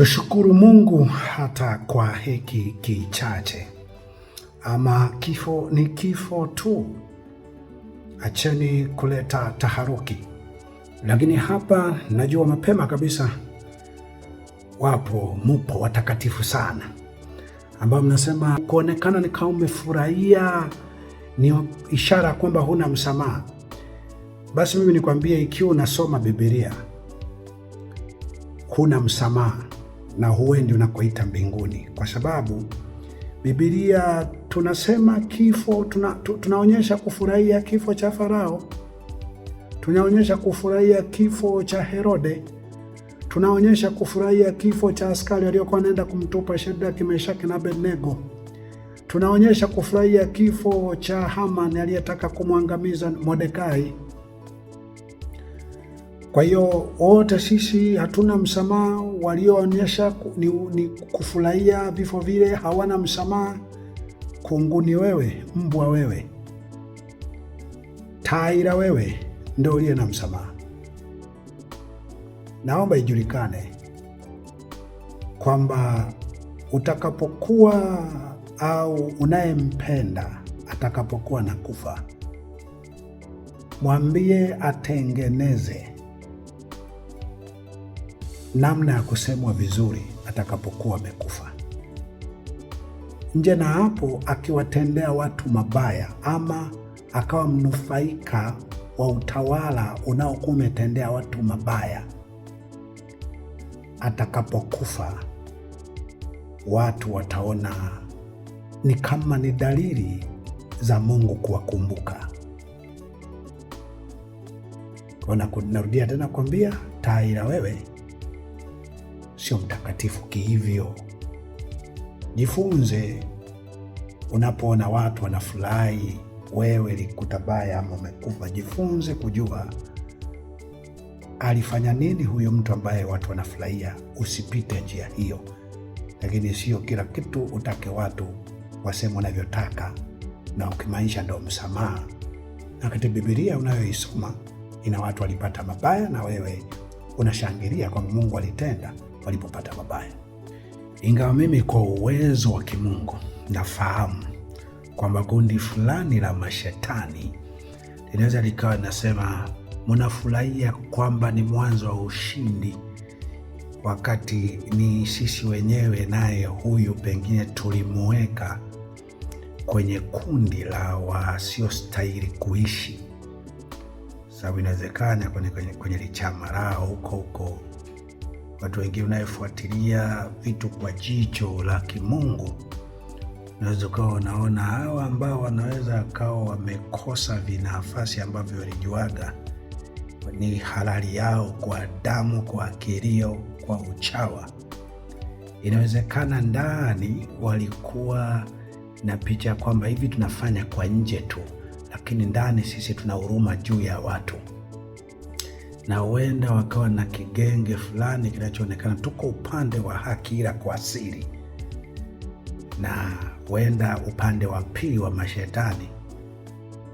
Tushukuru Mungu hata kwa hiki kichache, ama kifo ni kifo tu. Acheni kuleta taharuki. Lakini hapa najua mapema kabisa wapo, mupo watakatifu sana ambao mnasema kuonekana ni kama umefurahia ni ishara kwamba huna msamaha. Basi mimi nikwambie, ikiwa unasoma Biblia huna msamaha na huendi unakoita mbinguni, kwa sababu Bibilia tunasema kifo tuna, tunaonyesha kufurahia kifo cha Farao, tunaonyesha kufurahia kifo cha Herode, tunaonyesha kufurahia kifo cha askari waliokuwa wanaenda kumtupa Shadraki, Meshaki na Abednego. Tunaonyesha kufurahia kifo cha Haman aliyetaka kumwangamiza Mordekai. Kwa hiyo wote sisi hatuna msamaha, walioonyesha ni, ni kufurahia vifo vile hawana msamaha. Kunguni wewe, mbwa wewe, taira wewe, ndio uliye na msamaha. Naomba ijulikane kwamba utakapokuwa au unayempenda atakapokuwa na kufa, mwambie atengeneze namna ya kusemwa vizuri atakapokuwa amekufa. Nje na hapo, akiwatendea watu mabaya ama akawa mnufaika wa utawala unaokuwa umetendea watu mabaya, atakapokufa watu wataona ni kama ni dalili za Mungu kuwakumbuka. Narudia tena kuambia Taira, wewe sio mtakatifu kihivyo. Jifunze, unapoona watu wanafurahi, wewe likutabaya ama umekufa, jifunze kujua alifanya nini huyo mtu ambaye watu wanafurahia. Usipite njia hiyo, lakini sio kila kitu utake watu waseme wanavyotaka, na ukimaanisha ndo msamaha. Na katika Bibilia unayoisoma ina watu walipata mabaya, na wewe unashangilia kwamba Mungu alitenda walipopata mabaya. Ingawa mimi kwa uwezo wa kimungu nafahamu kwamba kundi fulani la mashetani linaweza likawa linasema mnafurahia kwamba ni mwanzo wa ushindi, wakati ni sisi wenyewe, naye huyu pengine tulimuweka kwenye kundi la wasiostahili kuishi, sababu inawezekana kwenye, kwenye, kwenye lichama lao huko huko watu wengine unayefuatilia vitu kwa jicho la kimungu, unaweza ukawa unaona hawa ambao wanaweza wakawa wamekosa vinafasi ambavyo walijuaga ni halali yao kwa damu, kwa kilio, kwa uchawa. Inawezekana ndani walikuwa na picha kwamba hivi tunafanya kwa nje tu, lakini ndani sisi tuna huruma juu ya watu na huenda wakawa na kigenge fulani kinachoonekana tuko upande wa haki, ila kwa asili, na huenda upande wa pili wa mashetani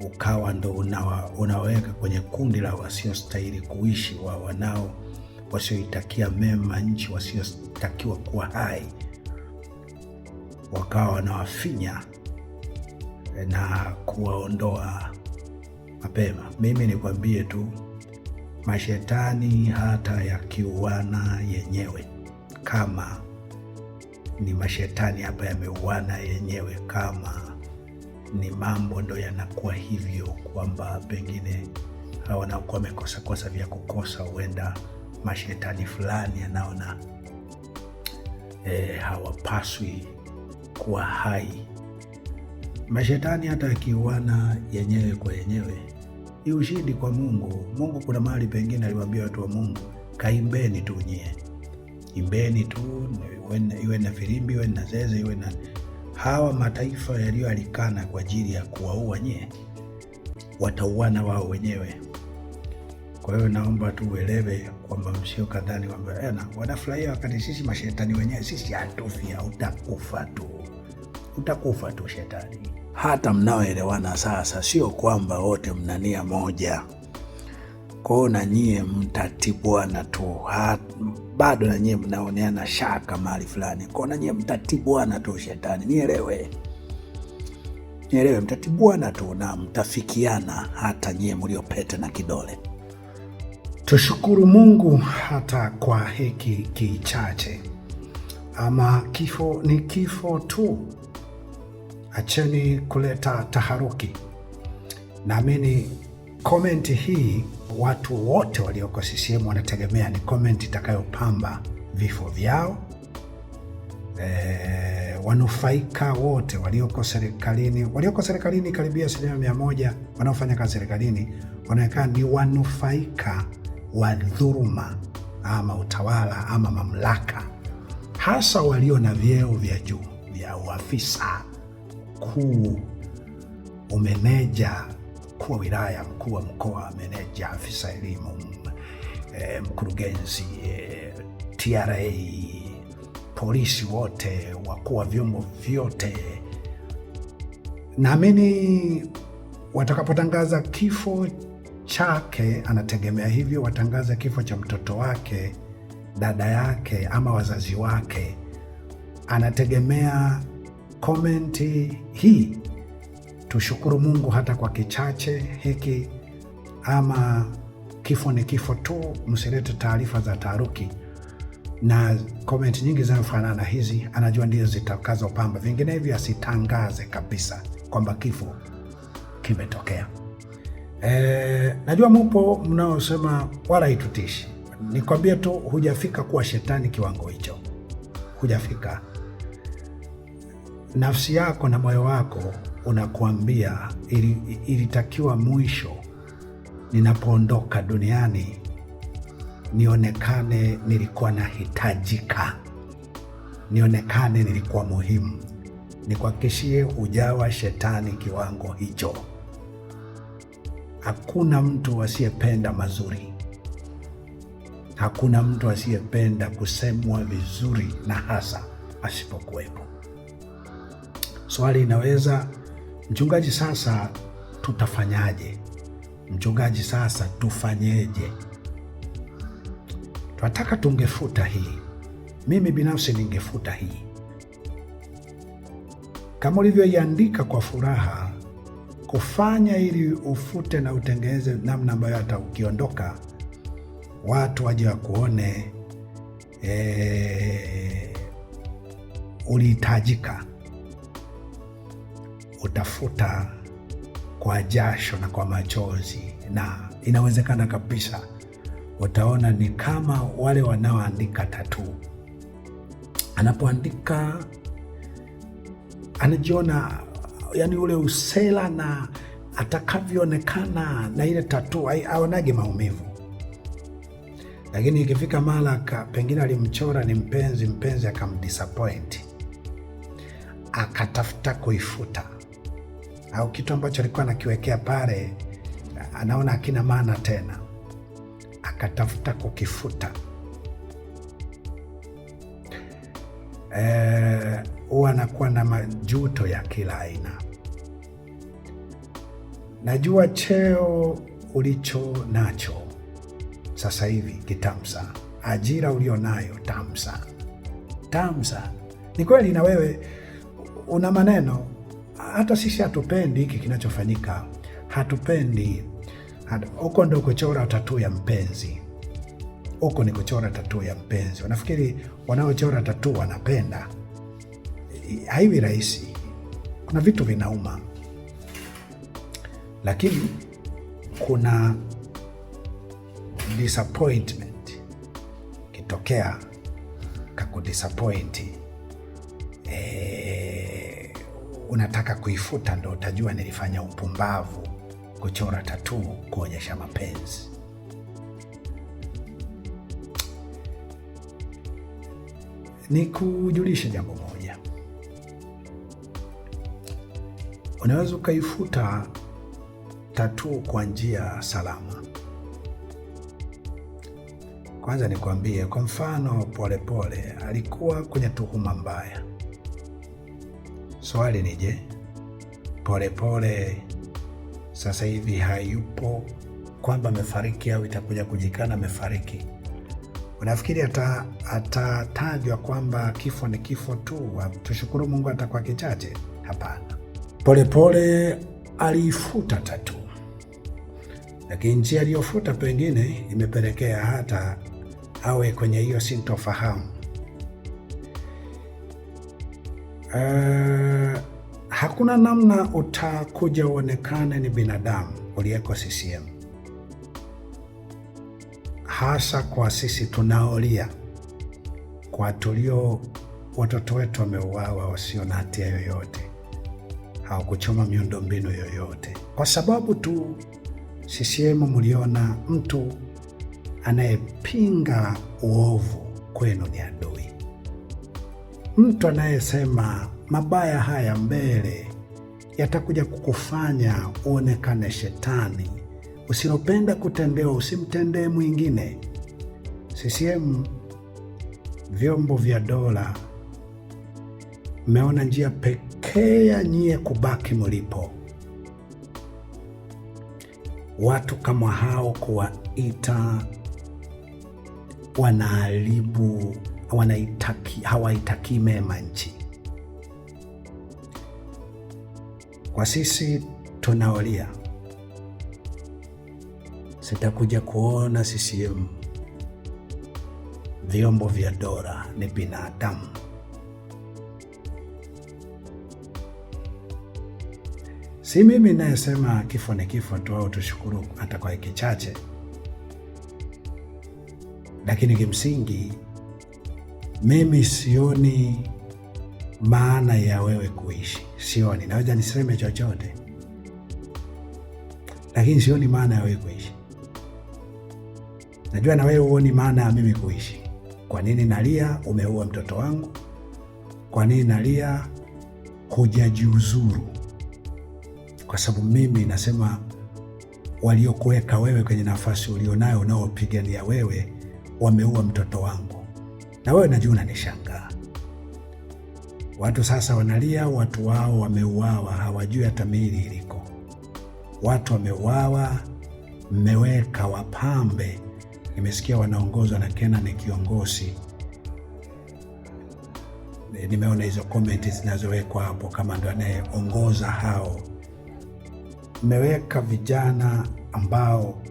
ukawa ndo unawa, unaweka kwenye kundi la wasiostahili kuishi wa wanao wasioitakia mema nchi, wasiotakiwa kuwa hai, wakawa wanawafinya na kuwaondoa mapema. Mimi nikwambie tu mashetani hata yakiuana yenyewe, kama ni mashetani hapa yameuana yenyewe, kama ni mambo ndo yanakuwa hivyo kwamba pengine wanakuwa wamekosa kosa vya kukosa, huenda mashetani fulani anaona e, hawapaswi kuwa hai. Mashetani hata yakiuana yenyewe kwa yenyewe ni ushindi kwa Mungu. Mungu kuna mahali pengine aliwaambia watu wa Mungu, kaimbeni tu nyie, imbeni tu, iwe na filimbi, iwe na zeze, iwe na hawa mataifa yaliyoalikana kwa ajili ya kuwaua nyie, watauana wao wenyewe. Kwa hiyo naomba tu uelewe kwamba msio kadhani kwamba eh, wanafurahia wakati sisi mashetani wenyewe, sisi hatufi, utakufa tu, utakufa tu shetani hata mnaoelewana sasa, sio kwamba wote mna nia moja. Kwa hiyo na nyie mtatibwana tu ha, bado na nyie mnaoneana shaka mahali fulani, kwao, na nyie mtatibwana tu. Shetani nielewe, nielewe, mtatibwana tu na mtafikiana, hata nyie mliopete na kidole. Tushukuru Mungu hata kwa hiki kichache, ama kifo ni kifo tu acheni kuleta taharuki. Naamini komenti hii watu wote walioko CCM wanategemea ni komenti itakayopamba vifo vyao. E, wanufaika wote walioko serikalini, walioko serikalini karibia asilimia mia moja wanaofanya kazi serikalini wanaonekana ni wanufaika wa dhuruma ama utawala ama mamlaka, hasa walio na vyeo vya juu vya uafisa mkuu umeneja, mkuu wa wilaya, mkuu wa mkoa meneja afisa elimu, e, mkurugenzi e, eh, TRA, polisi wote, wakuu wa vyombo vyote. Naamini watakapotangaza kifo chake, anategemea hivyo, watangaza kifo cha mtoto wake, dada yake, ama wazazi wake, anategemea komenti hii. Tushukuru Mungu hata kwa kichache hiki, ama kifo ni kifo tu, msilete taarifa za taharuki na komenti nyingi zinayofanana hizi, anajua ndio zitakazo pamba, vinginevyo asitangaze kabisa kwamba kifo kimetokea. E, najua mupo mnaosema wala itutishi. Nikwambie tu hujafika kuwa shetani kiwango hicho, hujafika nafsi yako na moyo wako unakuambia ilitakiwa mwisho ninapoondoka duniani nionekane nilikuwa nahitajika, nionekane nilikuwa muhimu. Nikuhakikishie, ujawa shetani kiwango hicho. Hakuna mtu asiyependa mazuri, hakuna mtu asiyependa kusemwa vizuri, na hasa asipokuwepo swali inaweza mchungaji, sasa tutafanyaje? Mchungaji, sasa tufanyeje? twataka tungefuta hii, mimi binafsi ningefuta hii kama ulivyoiandika kwa furaha kufanya ili ufute na utengeneze namna ambayo hata ukiondoka watu waje wakuone, e, ulihitajika utafuta kwa jasho na kwa machozi, na inawezekana kabisa utaona ni kama wale wanaoandika tatuu, anapoandika anajiona, yani ule usela na atakavyoonekana na ile tatuu, aonage maumivu lakini ikifika mara pengine alimchora ni mpenzi, mpenzi akamdisappoint, akatafuta kuifuta, au kitu ambacho alikuwa anakiwekea pale anaona hakina maana tena, akatafuta kukifuta. Eh, huwa e, anakuwa na majuto ya kila aina. Najua cheo ulicho nacho sasa hivi kitamsa, ajira ulionayo tamsa, tamsa. Ni kweli na wewe una maneno hata sisi hatupendi hiki kinachofanyika, hatupendi huko. Ndo kuchora tatuu ya mpenzi, huko ni kuchora tatuu ya mpenzi. Wanafikiri wanaochora tatuu wanapenda. Haiwi rahisi, kuna vitu vinauma, lakini kuna disappointment kitokea kakudisappointi eh unataka kuifuta, ndo utajua nilifanya upumbavu kuchora tatuu kuonyesha mapenzi. Nikujulishe jambo moja, unaweza ukaifuta tatuu kwa njia salama. Kwanza nikuambie kwa mfano Polepole alikuwa kwenye tuhuma mbaya swali ni je, Polepole sasa hivi hayupo kwamba amefariki au itakuja kujikana amefariki? Unafikiri atatajwa kwamba kifo ni kifo tu, tushukuru Mungu atakuwa kichache? Hapana, Polepole aliifuta tatu, lakini njia aliyofuta pengine imepelekea hata awe kwenye hiyo sintofahamu Eh, hakuna namna utakuja uonekane ni binadamu uliyeko CCM, hasa kwa sisi tunaolia kwa tulio watoto wetu wameuawa wasio na hatia yoyote, hawakuchoma miundombinu yoyote, kwa sababu tu CCM mliona mtu anayepinga uovu kwenu ni adui. Mtu anayesema mabaya haya mbele yatakuja kukufanya uonekane shetani. Usilopenda kutendewa usimtendee mwingine. CCM, vyombo vya dola, mmeona njia pekee ya nyie kubaki mlipo, watu kama hao kuwaita wanaharibu hawaitakii mema nchi. Kwa sisi tunaolia, sitakuja kuona CCM vyombo vya dola, ni binadamu. Si mimi nayesema kifo ni kifo tu, au tushukuru hata kwa hiki chache, lakini kimsingi mimi sioni maana ya wewe kuishi, sioni. Naweza niseme chochote, lakini sioni maana ya wewe kuishi. Najua na wewe huoni maana ya mimi kuishi. Kwa nini nalia? Umeua mtoto wangu. Kwa nini nalia? Hujajiuzuru. Kwa sababu mimi nasema waliokuweka wewe kwenye nafasi ulionayo unaopigania wewe wameua mtoto wangu na wewe najua unanishangaa. Watu sasa wanalia, watu wao wameuawa, hawajui hata miili iliko. Watu wameuawa, mmeweka wapambe, nimesikia wanaongozwa na ni Kiongozi. E, nimeona hizo komenti zinazowekwa hapo, kama ndo anayeongoza hao. Mmeweka vijana ambao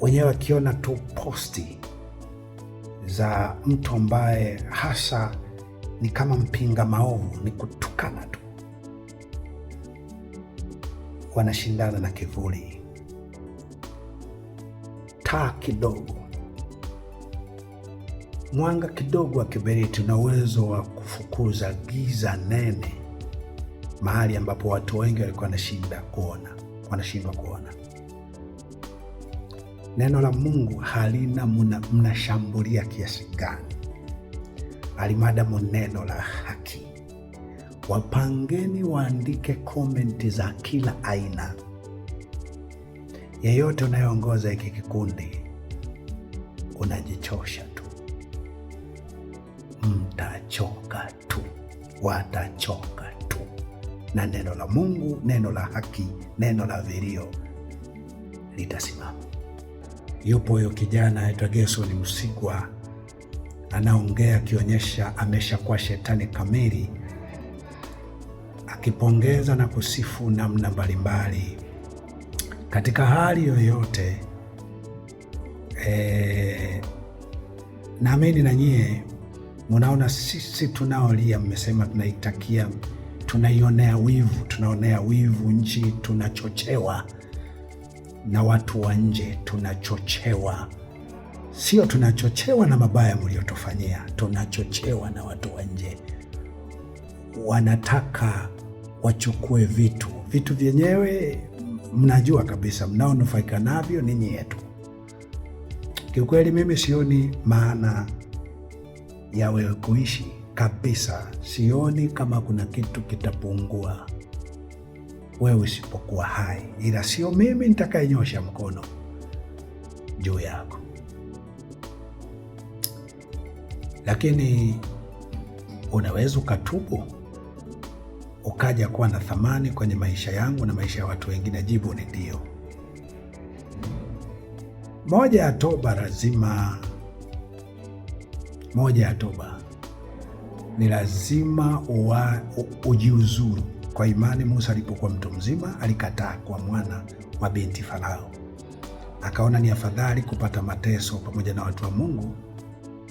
wenyewe wakiona tu posti za mtu ambaye hasa ni kama mpinga maovu, ni kutukana tu, wanashindana na kivuli taa kidogo mwanga kidogo wa kiberiti una uwezo wa kufukuza giza nene mahali ambapo watu wengi walikuwa wanashinda kuona wanashindwa kuona neno la Mungu halina mnashambulia kiasi gani, alimadamu neno la haki. Wapangeni waandike komenti za kila aina. Yeyote unayeongoza hiki kikundi unajichosha tu, mtachoka tu, watachoka tu na neno la Mungu, neno la haki, neno la vilio litasimama yupo huyo kijana aitwa Gerson Msigwa anaongea akionyesha ameshakuwa shetani kamili, akipongeza na kusifu namna mbalimbali. Katika hali yoyote e, naamini na nyie munaona sisi tunaolia, mmesema tunaitakia, tunaionea wivu, tunaonea wivu nchi, tunachochewa na watu wa nje, tunachochewa. Sio tunachochewa na mabaya mliotufanyia, tunachochewa na watu wa nje. Wanataka wachukue vitu, vitu vyenyewe mnajua kabisa mnaonufaika navyo ni yetu tu. Kiukweli mimi sioni maana ya wewe kuishi kabisa, sioni kama kuna kitu kitapungua wewe usipokuwa hai, ila sio mimi nitakayenyosha mkono juu yako. Lakini unaweza ukatubu ukaja kuwa na thamani kwenye maisha yangu na maisha ya watu wengine. Jibu ni ndio. Moja ya toba lazima, moja ya toba ni lazima ujiuzuru kwa imani Musa alipokuwa mtu mzima alikataa kwa mwana wa binti Farao. Akaona ni afadhali kupata mateso pamoja na watu wa Mungu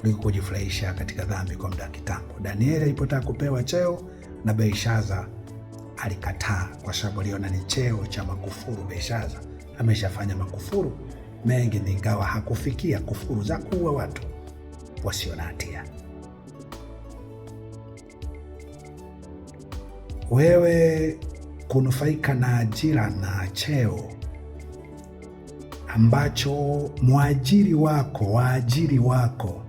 kuliko kujifurahisha katika dhambi kwa muda wa kitambo. Danieli alipotaka kupewa cheo na Belshaza alikataa kwa sababu aliona ni cheo cha makufuru. Belshaza ameshafanya makufuru mengi, ingawa hakufikia kufuru za kuua watu wasio na hatia. wewe kunufaika na ajira na cheo ambacho mwajiri wako waajiri wako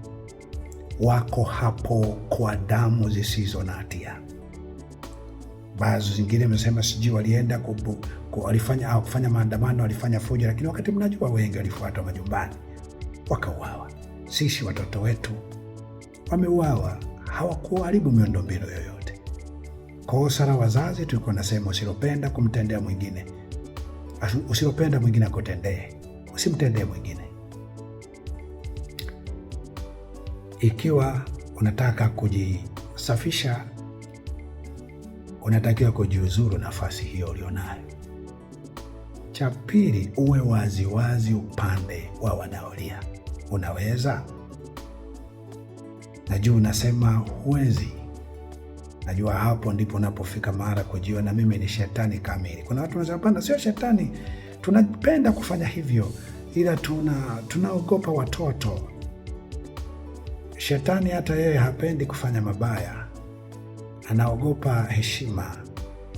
wako hapo kwa damu zisizo na hatia. Baadhi zingine mesema sijui walienda kubu, walifanya au kufanya maandamano, walifanya fujo, lakini wakati mnajua wengi walifuatwa majumbani wakauawa. Sisi watoto wetu wameuawa, hawakuharibu miundombinu yoyote kosa la wazazi tulikuwa nasema, usilopenda kumtendea mwingine, usilopenda mwingine akutendee, usimtendee mwingine. Ikiwa unataka kujisafisha, unatakiwa kujiuzuru nafasi hiyo ulionayo. Cha pili, uwe waziwazi wazi upande wa wanaolia. Unaweza, najua unasema huwezi Najua hapo ndipo napofika mara kujiona mimi ni shetani kamili. Kuna watu wanasema hapana, sio shetani, tunapenda kufanya hivyo, ila tuna tunaogopa watoto. Shetani hata yeye hapendi kufanya mabaya, anaogopa heshima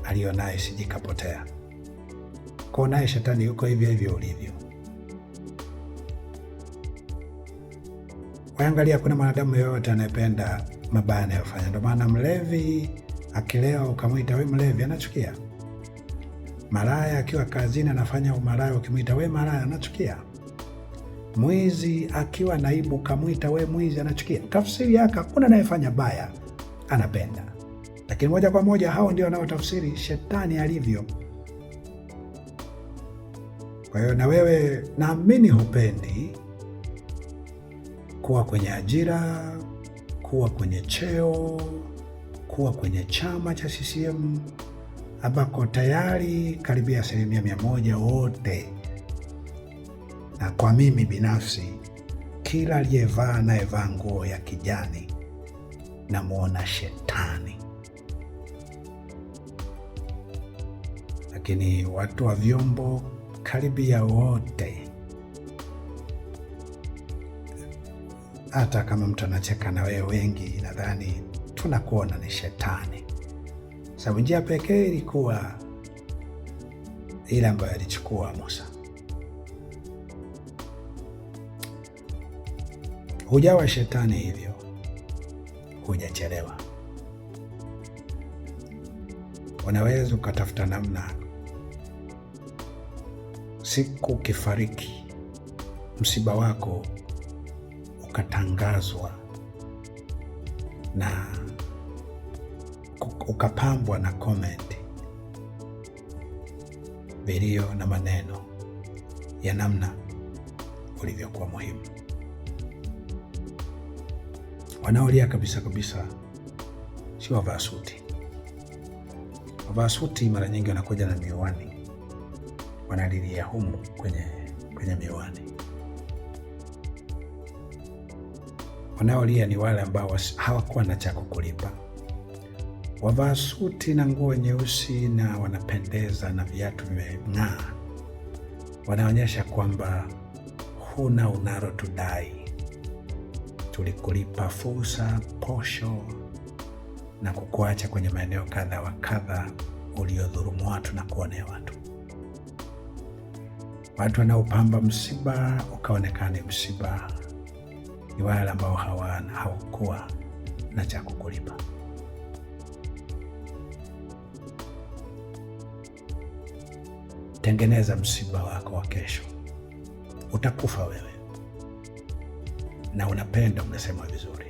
aliyonayo sijikapotea ko naye shetani yuko hivyo hivyo ulivyo. Waangalia, kuna mwanadamu yoyote anayependa mabaya anayofanya. Ndio maana mlevi akilewa ukamwita we mlevi, anachukia. Malaya akiwa kazini anafanya umalaya, ukimwita we malaya, anachukia. Mwizi akiwa naibu ukamwita we mwizi, anachukia. Tafsiri yake hakuna anayefanya baya anapenda, lakini moja kwa moja hao ndio wanaotafsiri shetani alivyo. Kwa hiyo na wewe naamini hupendi kuwa kwenye ajira kuwa kwenye cheo, kuwa kwenye chama cha CCM ambako tayari karibia asilimia mia moja wote. Na kwa mimi binafsi, kila aliyevaa anayevaa nguo ya kijani namwona shetani. Lakini watu wa vyombo karibia wote hata kama mtu anacheka na wewe, wengi nadhani tunakuona ni shetani, sababu njia pekee ilikuwa ile ambayo alichukua Musa. Hujawa shetani hivyo, hujachelewa. Unaweza ukatafuta namna siku ukifariki msiba wako ukatangazwa na ukapambwa na komenti, vilio na maneno ya namna ulivyokuwa muhimu. Wanaolia kabisa kabisa si wavaa suti. Wavaa suti mara nyingi wanakuja na miwani, wanalilia humu kwenye, kwenye miwani. Wanaolia ni wale ambao hawakuwa na cha kukulipa. Wavaa suti na nguo nyeusi na wanapendeza na viatu vimeng'aa, wanaonyesha kwamba huna unalotudai. Tulikulipa fursa, posho na kukuacha kwenye maeneo kadha wa kadha uliodhurumu watu na kuonea watu. Watu wanaopamba msiba ukaonekana msiba ni wale ambao hawana hawakuwa na cha kukulipa. Tengeneza msiba wako wa kesho, utakufa wewe, na unapenda unasema vizuri.